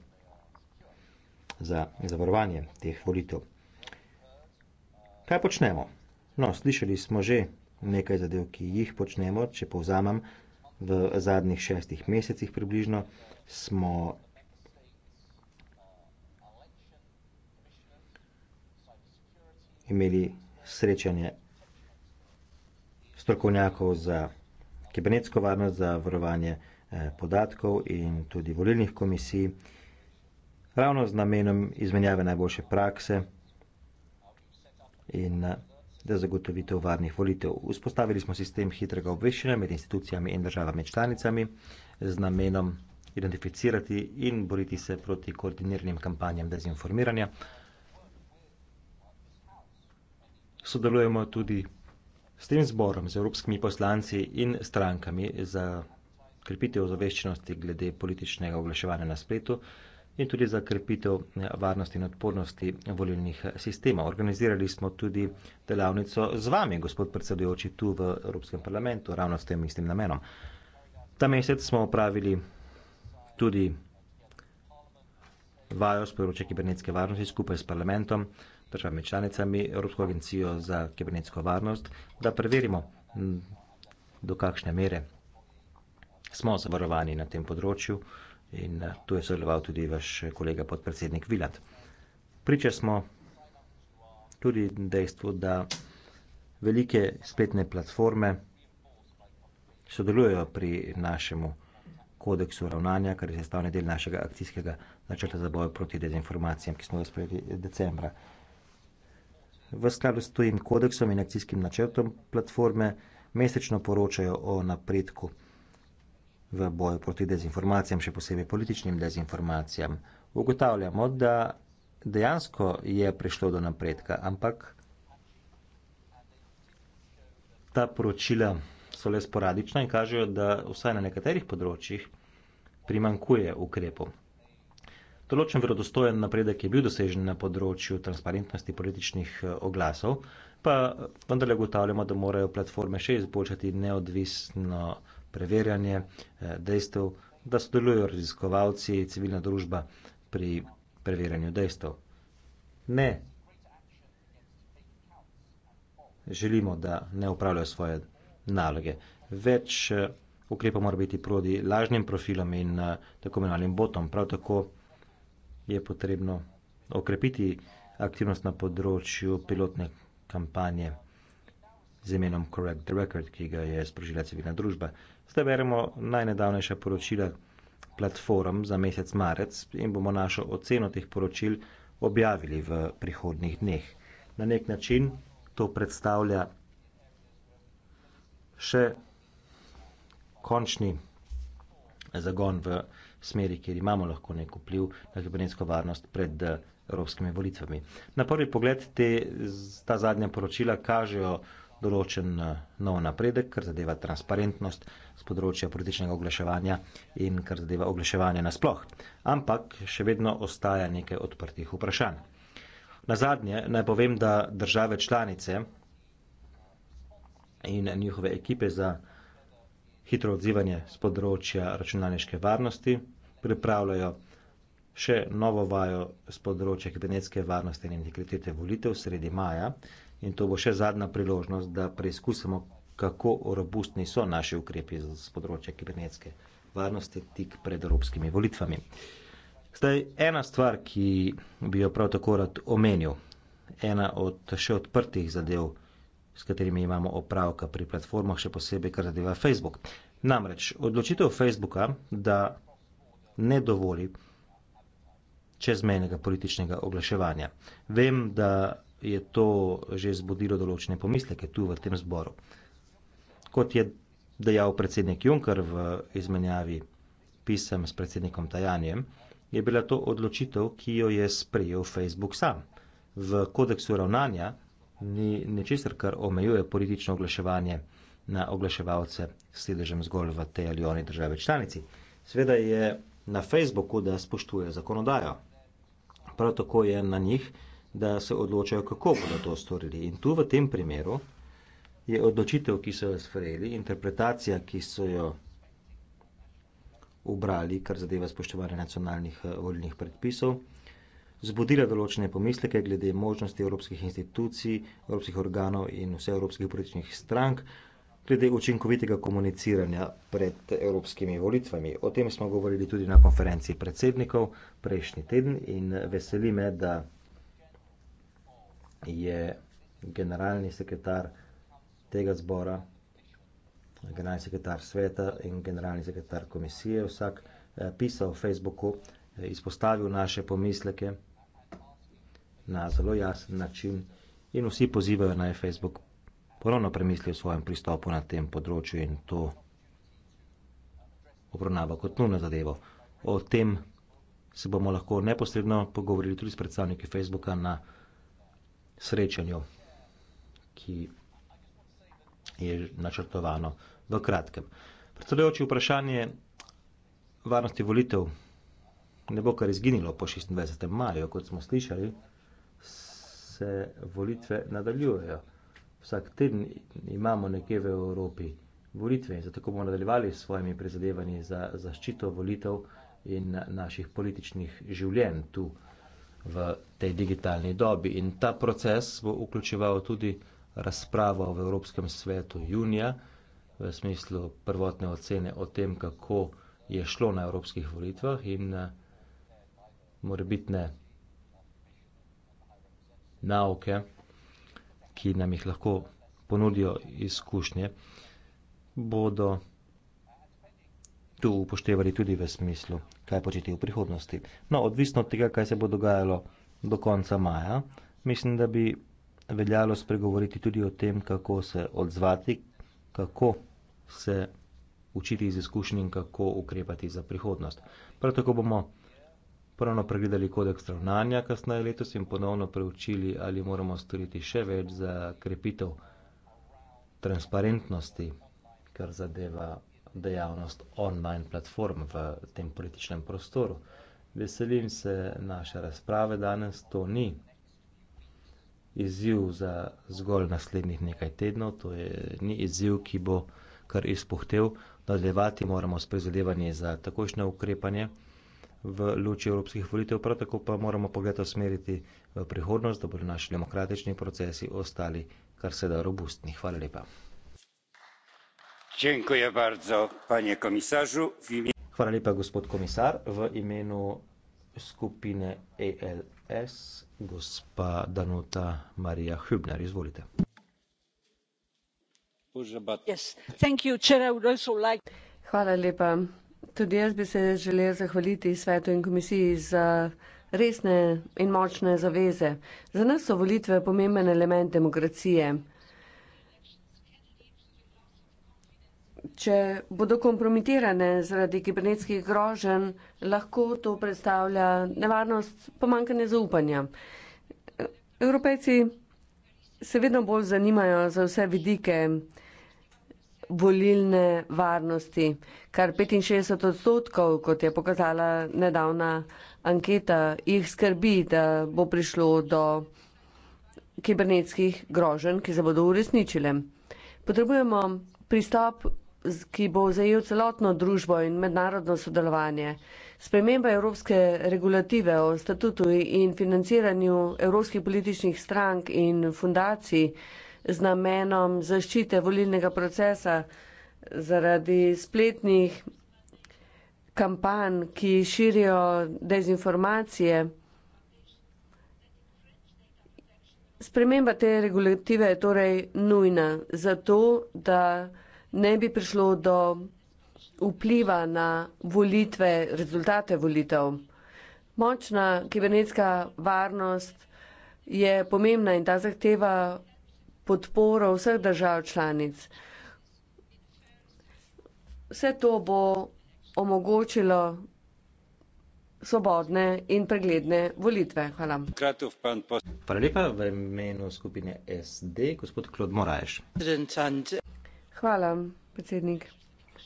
za zavarovanje teh volitev. Kaj počnemo? No, slišali smo že nekaj zadev, ki jih počnemo. Če povzamem, v zadnjih šestih mesecih približno smo imeli srečanje strokovnjakov za kibernetsko varnost, za varovanje eh, podatkov in tudi volilnih komisij, ravno z namenom izmenjave najboljše prakse in da eh, zagotovitev varnih volitev. Vzpostavili smo sistem hitrega obveščanja med institucijami in državami članicami z namenom identificirati in boriti se proti koordiniranim kampanjam dezinformiranja sodelujemo tudi s tem zborom, z evropskimi poslanci in strankami za krepitev zaveščenosti glede političnega oglaševanja na spletu in tudi za krepitev varnosti in odpornosti volilnih sistemov. Organizirali smo tudi delavnico z vami, gospod predsedujoči, tu v Evropskem parlamentu, ravno s tem istim namenom. Ta mesec smo opravili tudi vajo s področja kibernetske varnosti skupaj s parlamentom državami članicami Evropsko agencijo za kibernetsko varnost, da preverimo, do kakšne mere smo zavarovani na tem področju in eh, tu je sodeloval tudi vaš kolega podpredsednik Vilat. Priča smo tudi dejstvu, da velike spletne platforme sodelujejo pri našemu kodeksu ravnanja, kar je sestavni del našega akcijskega načrta za boj proti dezinformacijam, ki smo ga sprejeli decembra v skladu s tujim kodeksom in akcijskim načrtom platforme mesečno poročajo o napredku v boju proti dezinformacijam, še posebej političnim dezinformacijam. Ugotavljamo, da dejansko je prišlo do napredka, ampak ta poročila so le sporadična in kažejo, da vsaj na nekaterih področjih primankuje ukrepom določen verodostojen napredek je bil dosežen na področju transparentnosti političnih eh, oglasov, pa vendarle ugotavljamo, da morajo platforme še izboljšati neodvisno preverjanje eh, dejstev, da sodelujo raziskovalci, civilna družba pri preverjanju dejstev. Ne. Želimo, da ne upravljajo svoje naloge. Več eh, ukrepa mora biti proti lažnim profilom in tako imenovanim botom. Prav tako je potrebno okrepiti aktivnost na področju pilotne kampanje z imenom Correct the Record, ki ga je sprožila civilna družba. Zdaj beremo najnedavnejša poročila platform za mesec marec in bomo našo oceno teh poročil objavili v prihodnih dneh. Na nek način to predstavlja še končni zagon v smeri, kjer imamo lahko nek vpliv na kibernetsko varnost pred eh, evropskimi volitvami. Na prvi pogled te, ta zadnja poročila kažejo določen eh, nov napredek, kar zadeva transparentnost z področja političnega oglaševanja in kar zadeva oglaševanje nasploh. Ampak še vedno ostaja nekaj odprtih vprašanj. Na zadnje naj povem, da države članice in njihove ekipe za hitro odzivanje z področja računalniške varnosti, pripravljajo še novo vajo z področja kibernetske varnosti in integritete volitev sredi maja in to bo še zadnja priložnost, da preizkusimo, kako robustni so naši ukrepi z področja kibernetske varnosti tik pred evropskimi volitvami. Zdaj, ena stvar, ki bi jo prav tako rad omenil, ena od še odprtih zadev, s katerimi imamo opravka pri platformah, še posebej, kar zadeva Facebook. Namreč odločitev Facebooka, da ne dovoli čezmejnega političnega oglaševanja. Vem, da je to že zbudilo določene pomisleke tu v tem zboru. Kot je dejal predsednik Juncker v izmenjavi pisem s predsednikom Tajanjem, je bila to odločitev, ki jo je sprejel Facebook sam. V kodeksu ravnanja ni nečesar, kar omejuje politično oglaševanje na oglaševalce s sedežem zgolj v tej ali oni države članici. Sveda je na Facebooku, da spoštuje zakonodajo. Prav tako je na njih, da se odločajo, kako bodo to storili. In tu v tem primeru je odločitev, ki so jo sprejeli, interpretacija, ki so jo ubrali, kar zadeva spoštovanje nacionalnih eh, volilnih predpisov, zbudila določene pomisleke glede možnosti evropskih institucij, evropskih organov in vse evropskih političnih strank glede učinkovitega komuniciranja pred evropskimi volitvami. O tem smo govorili tudi na konferenci predsednikov prejšnji teden in veseli me, da je generalni sekretar tega zbora, generalni sekretar sveta in generalni sekretar komisije vsak eh, pisal v Facebooku, eh, izpostavil naše pomisleke na zelo jasen način in vsi pozivajo naj Facebook ponovno premisli o svojem pristopu na tem področju in to obravnava kot nujno zadevo. O tem se bomo lahko neposredno pogovorili tudi s predstavniki Facebooka na srečanju, ki je načrtovano v kratkem. Predsedujoči vprašanje varnosti volitev ne bo kar izginilo po 26. maju, kot smo slišali se volitve nadaljujejo. Vsak teden imamo nekje v Evropi volitve in zato bomo nadaljevali s svojimi prizadevanji za zaščito volitev in naših političnih življenj tu v tej digitalni dobi. In ta proces bo vključeval tudi razpravo v Evropskem svetu junija v smislu prvotne ocene o tem, kako je šlo na evropskih volitvah in morebitne nauke, ki nam jih lahko ponudijo izkušnje, bodo tu upoštevali tudi v smislu, kaj početi v prihodnosti. No, odvisno od tega, kaj se bo dogajalo do konca maja, mislim, da bi veljalo spregovoriti tudi o tem, kako se odzvati, kako se učiti iz izkušnje in kako ukrepati za prihodnost. Prav tako bomo ponovno pregledali kodeks ravnanja kasneje letos in ponovno preučili ali moramo storiti še več za krepitev transparentnosti kar zadeva dejavnost online platform v tem političnem prostoru. Veselim se naše razprave danes, to ni izziv za zgolj naslednjih nekaj tednov, to je, ni izziv, ki bo kar izpuhtel, nadaljevati moramo s prizadevanjem za takošnje ukrepanje v luči evropskih volitev, prav tako pa moramo pogled osmeriti v prihodnost, da bodo naši demokratični procesi ostali kar se da robustni. Hvala lepa. Hvala lepa, gospod komisar. V imenu skupine ALS gospa Danuta Marija Hübner, izvolite. Hvala lepa. Tudi jaz bi se želel zahvaliti svetu in komisiji za resne in močne zaveze. Za nas so volitve pomemben element demokracije. Če bodo kompromitirane zaradi kibernetskih groženj, lahko to predstavlja nevarnost pomankanja zaupanja. Evropejci se vedno bolj zanimajo za vse vidike volilne varnosti. Kar 65 odstotkov, kot je pokazala nedavna anketa, jih skrbi, da bo prišlo do kibernetskih groženj, ki se bodo uresničile. Potrebujemo pristop, ki bo zajel celotno družbo in mednarodno sodelovanje. Sprememba evropske regulative o statutu in financiranju evropskih političnih strank in fundacij z namenom zaščite volilnega procesa zaradi spletnih kampanj, ki širijo dezinformacije. Sprememba te regulative je torej nujna zato, da ne bi prišlo do vpliva na volitve, rezultate volitev. Močna kibernetska varnost je pomembna in ta zahteva podporo vseh držav članic. Vse to bo omogočilo svobodne in pregledne volitve. Hvala. Hvala lepa v imenu skupine SD, gospod Klod Moraješ. Hvala, predsednik.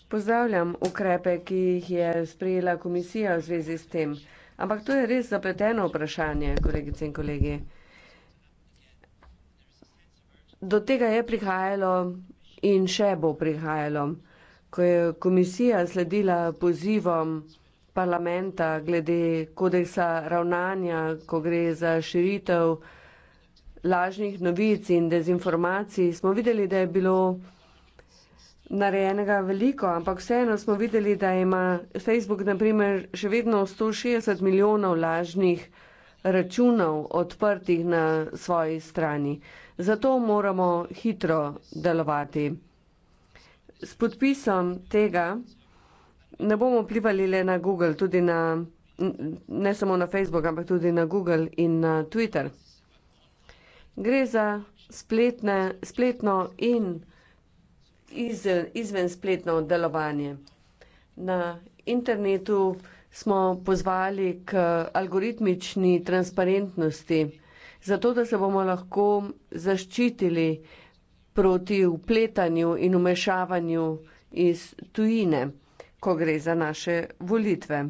Pozdravljam ukrepe, ki jih je sprejela komisija v zvezi s tem. Ampak to je res zapleteno vprašanje, kolegice in kolegi. Do tega je prihajalo in še bo prihajalo, ko je komisija sledila pozivom parlamenta glede kodeksa ravnanja, ko gre za širitev lažnih novic in dezinformacij, smo videli, da je bilo narejenega veliko, ampak vseeno smo videli, da ima Facebook naprimer še vedno 160 milijonov lažnih računov odprtih na svoji strani. Zato moramo hitro delovati. S podpisom tega ne bomo vplivali le na Google, tudi na, ne samo na Facebook, ampak tudi na Google in na Twitter. Gre za spletne, spletno in iz, izven spletno delovanje. Na internetu smo pozvali k algoritmični transparentnosti zato da se bomo lahko zaščitili proti upletanju in umešavanju iz tujine, ko gre za naše volitve.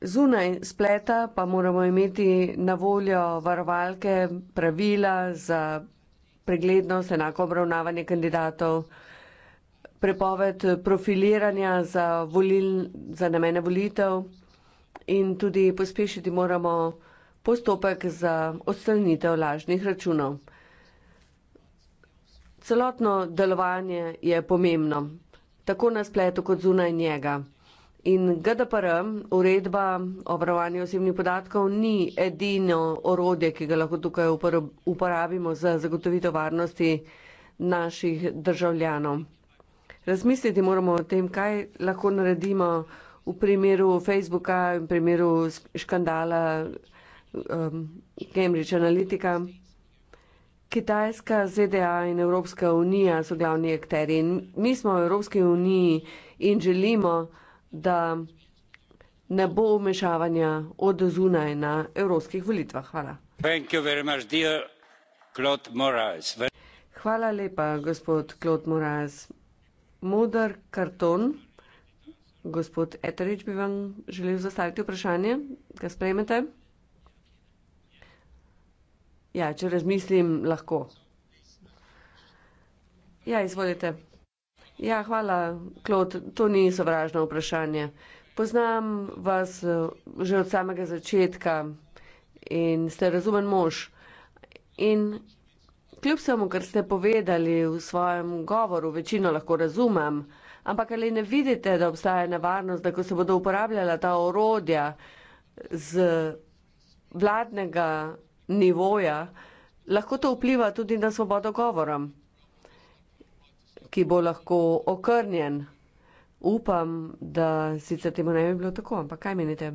Zunaj spleta pa moramo imeti na voljo varovalke, pravila za preglednost, enako obravnavanje kandidatov, prepoved profiliranja za, volil, za namene volitev in tudi pospešiti moramo postopek za odstranitev lažnih računov. Celotno delovanje je pomembno, tako na spletu kot zunaj njega. In GDPR, uredba o varovanju osebnih podatkov, ni edino orodje, ki ga lahko tukaj uporabimo za zagotovitev varnosti naših državljanov. Razmisliti moramo o tem, kaj lahko naredimo v primeru Facebooka, v primeru škandala um, Cambridge Analytica. Kitajska, ZDA in Evropska unija so glavni akteri. Mi smo v Evropski uniji in želimo, da ne bo umešavanja od zunaj na evropskih volitvah. Hvala. Hvala lepa, gospod Klot Moraz. Modr karton. Gospod Eterič bi vam želel zastaviti vprašanje, ga sprejmete? Ja, če razmislim, lahko. Ja, izvolite. Ja, hvala, Klod, to ni sovražno vprašanje. Poznam vas eh, že od samega začetka in ste razumen mož. In kljub samo, kar ste povedali v svojem govoru, večino lahko razumem. Ampak ali ne vidite, da obstaja nevarnost, da ko se bodo uporabljala ta orodja z vladnega nivoja, lahko to vpliva tudi na svobodo govora, ki bo lahko okrnjen. Upam, da sicer temu ne bi bilo tako, ampak kaj menite?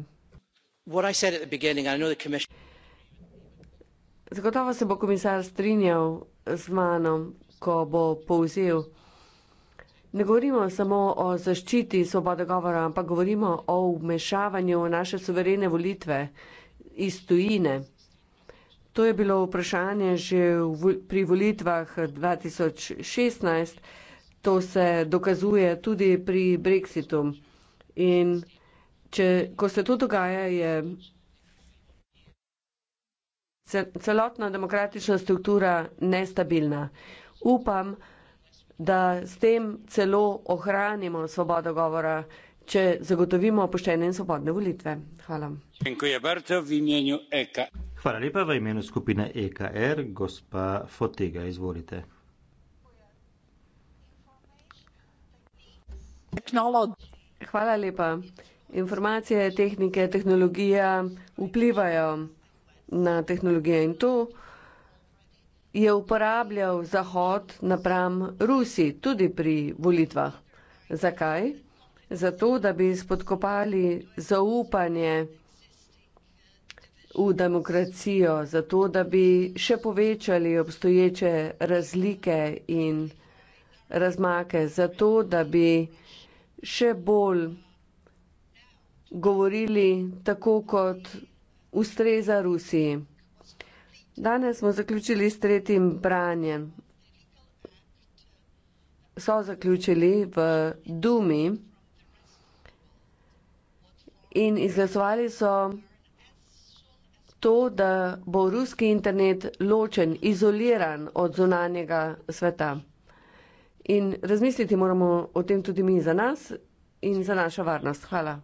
Zagotovo se bo komisar strinjal z mano, ko bo povzel. Ne govorimo samo o zaščiti svobode govora, ampak govorimo o vmešavanju naše suverene volitve iz tujine. To je bilo vprašanje že pri volitvah 2016, to se dokazuje tudi pri Brexitu. In če, ko se to dogaja, je celotna demokratična struktura nestabilna. Upam, da da s tem celo ohranimo svobodo govora, če zagotovimo poštene in svobodne volitve. Hvala. E Hvala lepa v imenu skupine EKR, gospa Fotega, izvolite. Hvala lepa. Informacije, tehnike, tehnologija vplivajo na tehnologije in to je uporabljal Zahod napram Rusi, tudi pri volitvah. Zakaj? Zato, da bi spodkopali zaupanje v demokracijo, zato, da bi še povečali obstoječe razlike in razmake, zato, da bi še bolj govorili tako, kot ustreza Rusiji. Danes smo zaključili s tretjim branjem. So zaključili v Dumi in izglasovali so to, da bo ruski internet ločen, izoliran od zunanjega sveta. In razmisliti moramo o tem tudi mi za nas in za našo varnost. Hvala.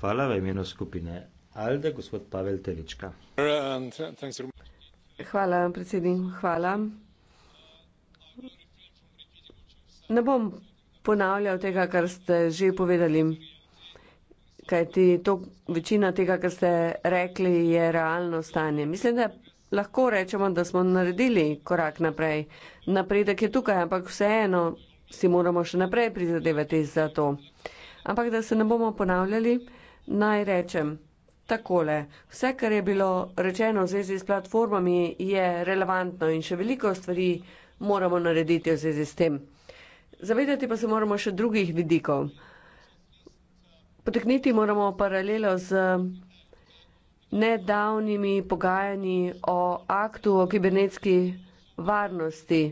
Hvala v imenu skupine Alde, gospod Pavel Telička. Hvala, predsednik, hvala. Ne bom ponavljal tega, kar ste že povedali, kajti to, večina tega, kar ste rekli, je realno stanje. Mislim, da lahko rečemo, da smo naredili korak naprej. Napredek je tukaj, ampak vseeno si moramo še naprej prizadevati za to. Ampak da se ne bomo ponavljali, naj rečem. Takole, vse, kar je bilo rečeno v zvezi s platformami, je relevantno in še veliko stvari moramo narediti v zvezi s tem. Zavedati pa se moramo še drugih vidikov. Potekniti moramo paralelo z nedavnimi pogajanji o aktu o kibernetski varnosti.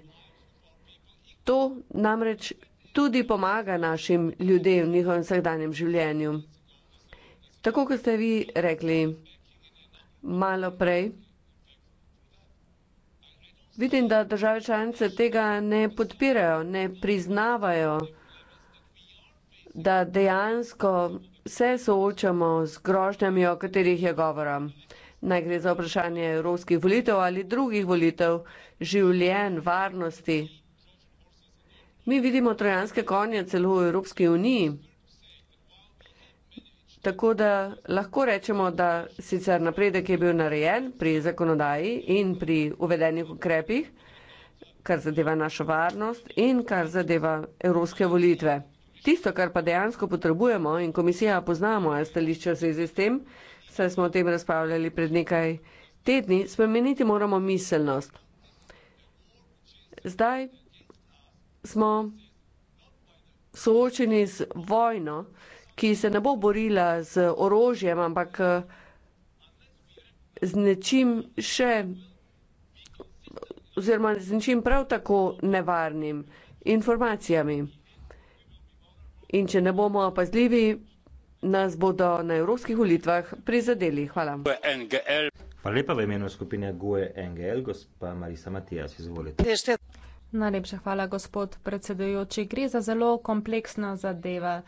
To namreč tudi pomaga našim ljudem v njihovem vsakdanjem življenju. Tako kot ste vi rekli malo prej, vidim, da države članice tega ne podpirajo, ne priznavajo, da dejansko se soočamo z grožnjami, o katerih je govora. Naj gre za vprašanje evropskih volitev ali drugih volitev, življenj, varnosti. Mi vidimo trojanske konje celo v Evropski uniji. Tako da lahko rečemo, da sicer napredek je bil narejen pri zakonodaji in pri uvedenih ukrepih, kar zadeva našo varnost in kar zadeva evropske volitve. Tisto, kar pa dejansko potrebujemo in komisija poznamo, je stališče v zvezi s tem, saj smo o tem razpravljali pred nekaj tedni, spremeniti moramo miselnost. Zdaj smo soočeni z vojno, ki se ne bo borila z orožjem, ampak z nečim še, oziroma z nečim prav tako nevarnim informacijami. In če ne bomo pazljivi, nas bodo na evropskih volitvah prizadeli. Hvala. Hvala lepa v imenu skupine GUE NGL, gospa Marisa Matijas, izvolite. Najlepša hvala, gospod predsedujoči. Gre za zelo kompleksna zadeva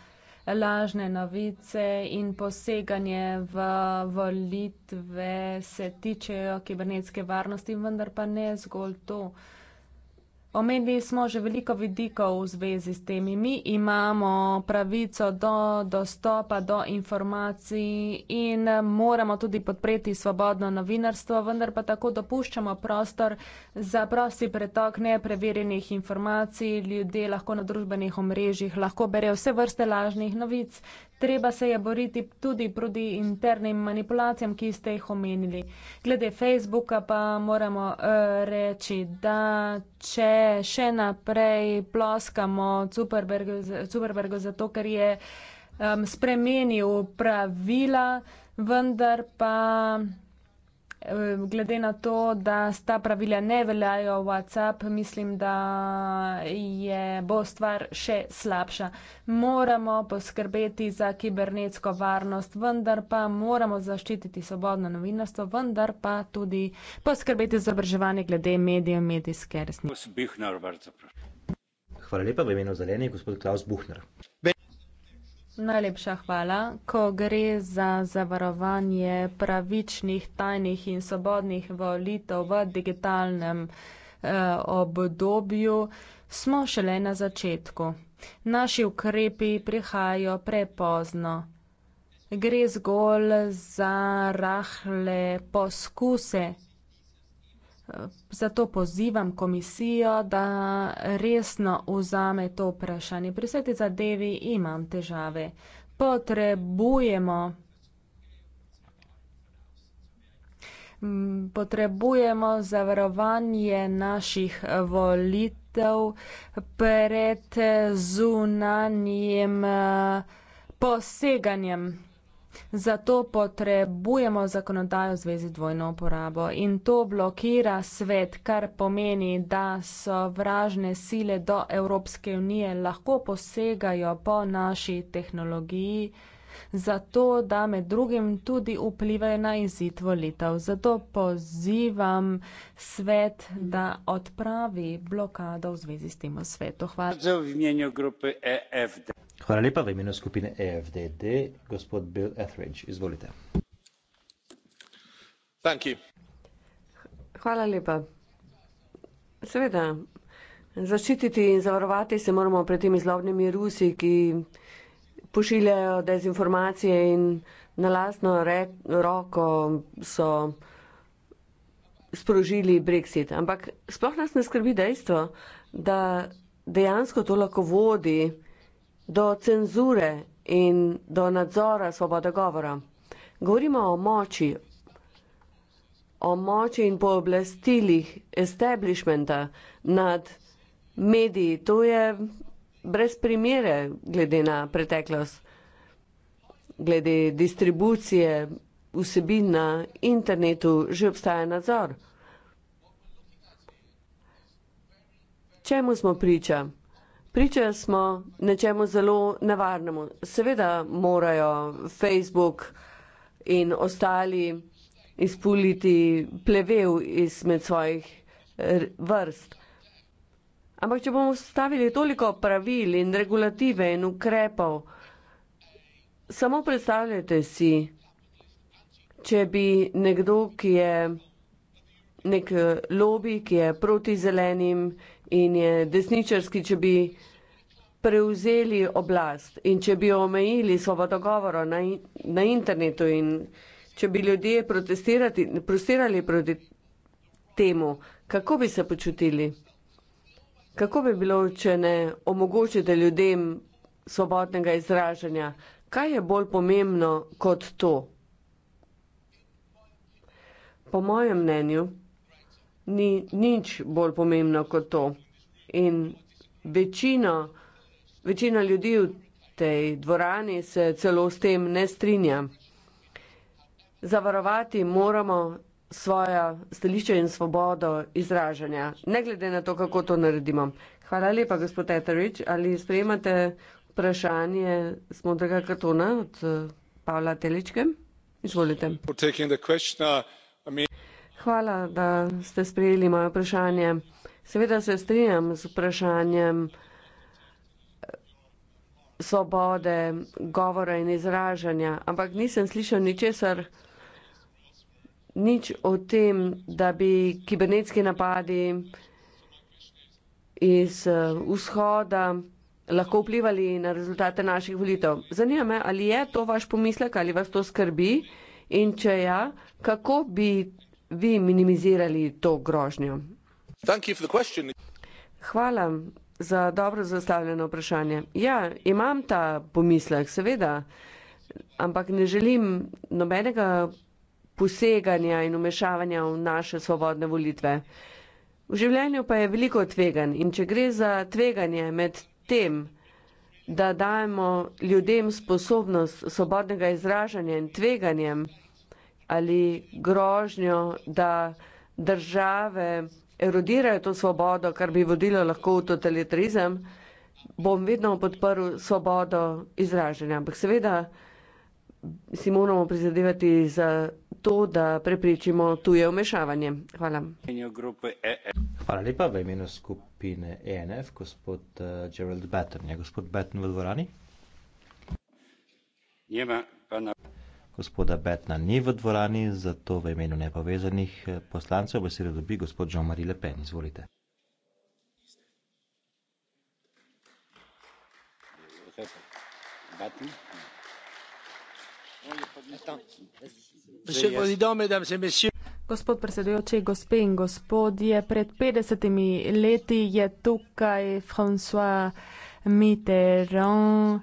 lažne novice in poseganje v volitve se tičejo kibernetske varnosti, vendar pa ne zgolj to. Omenili smo že veliko vidikov v zvezi s temi. Mi imamo pravico do dostopa do informacij in moramo tudi podpreti svobodno novinarstvo, vendar pa tako dopuščamo prostor za prosti pretok nepreverjenih informacij. Ljudje lahko na družbenih omrežjih lahko berejo vse vrste lažnih novic, Treba se je boriti tudi proti internim manipulacijam, ki ste jih omenili. Glede Facebooka pa moramo uh, reči, da če še naprej ploskamo Superbergu za to, ker je um, spremenil pravila, vendar pa glede na to, da sta pravila ne veljajo v WhatsApp, mislim, da je, bo stvar še slabša. Moramo poskrbeti za kibernetsko varnost, vendar pa moramo zaščititi svobodno novinarstvo, vendar pa tudi poskrbeti za obraževanje glede medijev in medijske resnice. Hvala lepa v imenu zelenih, gospod Klaus Buhner. Ben. Najlepša hvala. Ko gre za zavarovanje pravičnih, tajnih in svobodnih volitev v digitalnem eh, obdobju, smo šele na začetku. Naši ukrepi prihajajo prepozno. Gre zgolj za rahle poskuse Zato pozivam komisijo, da resno vzame to vprašanje. Pri vsej tej zadevi imam težave. Potrebujemo, potrebujemo zavarovanje naših volitev pred zunanjim eh, poseganjem. Zato potrebujemo zakonodajo v zvezi z dvojno uporabo in to blokira svet, kar pomeni, da so vražne sile do Evropske unije lahko posegajo po naši tehnologiji zato da med drugim tudi vplivajo na izid volitev. Zato pozivam svet, da odpravi blokado v zvezi s tem svetu. Hvala. E Hvala lepa v imenu skupine EFDD, gospod Bill Etheridge. Izvolite. Thank you. Hvala lepa. Seveda, zaščititi in zavarovati se moramo pred temi zlobnimi Rusi, ki pošiljajo dezinformacije in na lastno re, roko so sprožili brexit. Ampak sploh nas ne skrbi dejstvo, da dejansko to lahko vodi do cenzure in do nadzora svobode govora. Govorimo o moči, o moči in pooblastilih establishmenta nad mediji. To je brez primere, glede na preteklost, glede distribucije vsebin na internetu, že obstaja nadzor. Čemu smo priča? Priča smo nečemu zelo nevarnemu. Seveda morajo Facebook in ostali izpuliti plevel izmed svojih vrst. Ampak, če bomo stavili toliko pravil in regulative in ukrepov, samo predstavljajte si, če bi nekdo, ki je nek lobby, ki je proti zelenim in je desničarski, če bi prevzeli oblast in če bi omejili svobodo govora na, na internetu in če bi ljudje protestirali proti temu, kako bi se počutili? Kako bi bilo, če ne omogočite ljudem svobodnega izražanja? Kaj je bolj pomembno kot to? Po mojem mnenju ni nič bolj pomembno kot to. In večino, večina ljudi v tej dvorani se celo s tem ne strinja. Zavarovati moramo svoje stališče in svobodo izražanja, ne glede na to, kako to naredimo. Hvala lepa, gospod Eterič. Ali sprejemate vprašanje z modrega kartona od eh, Pavla Teličke? Izvolite. Hvala, da ste sprejeli moje vprašanje. Seveda se strinjam z vprašanjem eh, svobode govora in izražanja, ampak nisem slišal ničesar nič o tem, da bi kibernetski napadi iz eh, vzhoda lahko vplivali na rezultate naših volitev. Zanima me, ali je to vaš pomislek, ali vas to skrbi in če ja, kako bi vi minimizirali to grožnjo? Hvala za dobro zastavljeno vprašanje. Ja, imam ta pomislek, seveda, ampak ne želim nobenega poseganja in umešavanja v naše svobodne volitve. V življenju pa je veliko tvegan in če gre za tveganje med tem, da dajemo ljudem sposobnost svobodnega izražanja in tveganjem ali grožnjo, da države erodirajo to svobodo, kar bi vodilo lahko v totalitarizem, bom vedno podprl svobodo izražanja. Ampak seveda, si moramo prizadevati za to, da preprečimo tuje vmešavanje. Hvala. Hvala lepa v imenu skupine ENF, gospod uh, Gerald Batten. Je gospod Batten v dvorani? Njema, pa na... Gospoda Betna ni v dvorani, zato v imenu nepovezanih eh, poslancev besedo dobi gospod Jean-Marie Le Pen. Izvolite. Betna. Gospod predsedujoči, gospe in gospodje, pred 50 leti je tukaj François Mitterrand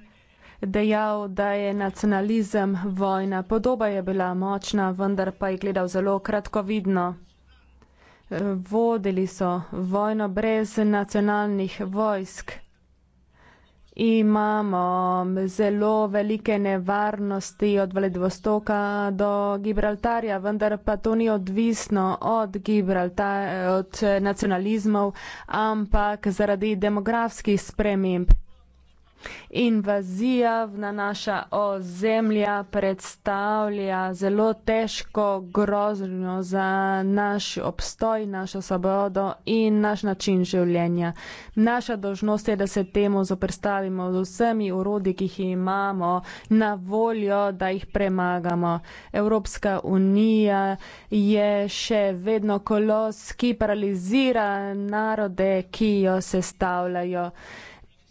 dejal, da je nacionalizem vojna. Podoba je bila močna, vendar pa je gledal zelo kratkovidno. Vodili so vojno brez nacionalnih vojsk imamo zelo velike nevarnosti od Vladivostoka do Gibraltarja, vendar pa to ni odvisno od, Gibraltar, od nacionalizmov, ampak zaradi demografskih sprememb. Invazija na naša ozemlja predstavlja zelo težko grozno za naš obstoj, našo svobodo in naš način življenja. Naša dožnost je, da se temu zoprstavimo z vsemi urodi, ki jih imamo na voljo, da jih premagamo. Evropska unija je še vedno kolos, ki paralizira narode, ki jo sestavljajo.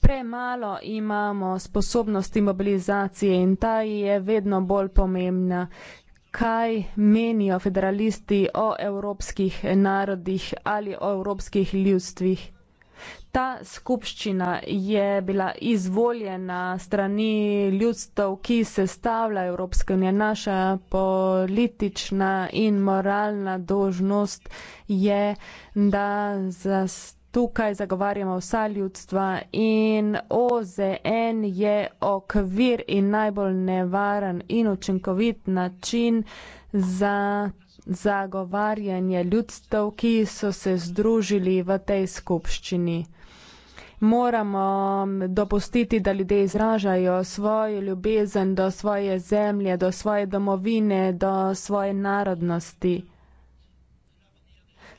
Premalo imamo sposobnosti mobilizacije in ta je vedno bolj pomembna. Kaj menijo federalisti o evropskih narodih ali o evropskih ljudstvih? Ta skupščina je bila izvoljena strani ljudstv, ki se stavlja Evropske unije. Naša politična in moralna dožnost je, da zastavljamo tukaj zagovarjamo vsa ljudstva in OZN je okvir in najbolj nevaren in učinkovit način za zagovarjanje ljudstev, ki so se združili v tej skupščini. Moramo dopustiti, da ljudje izražajo svojo ljubezen do svoje zemlje, do svoje domovine, do svoje narodnosti.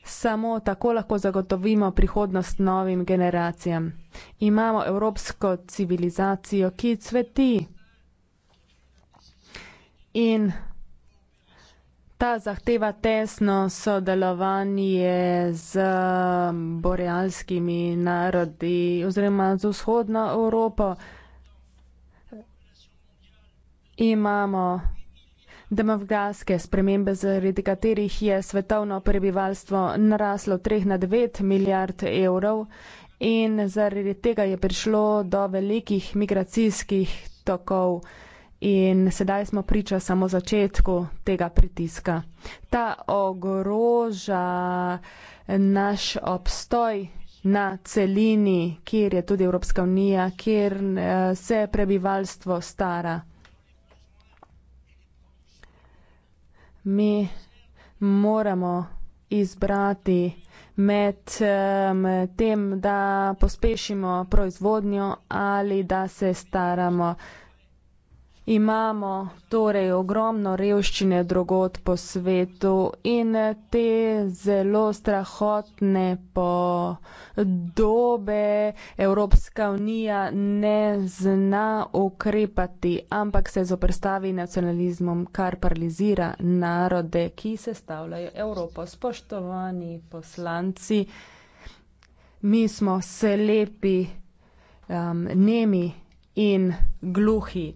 Samo tako lahko zagotovimo prihodnost novim generacijam. Imamo evropsko civilizacijo, ki cveti. In ta zahteva tesno sodelovanje z borealskimi narodi oziroma z vzhodno Evropo. Imamo Demografske spremembe, zaradi katerih je svetovno prebivalstvo naraslo 3 na 9 milijard evrov in zaradi tega je prišlo do velikih migracijskih tokov in sedaj smo priča samo začetku tega pritiska. Ta ogroža naš obstoj na celini, kjer je tudi Evropska unija, kjer eh, se prebivalstvo stara. mi moramo izbrati med um, tem, da pospešimo proizvodnjo ali da se staramo. Imamo torej ogromno revščine drugot po svetu in te zelo strahotne podobe Evropska unija ne zna ukrepati, ampak se zoprstavi nacionalizmom, kar paralizira narode, ki se stavljajo Evropo. Spoštovani poslanci, mi smo slepi, um, nemi in gluhi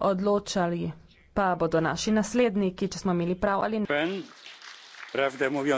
odločali pa bodo naši nasledniki če smo imeli prav ali ne.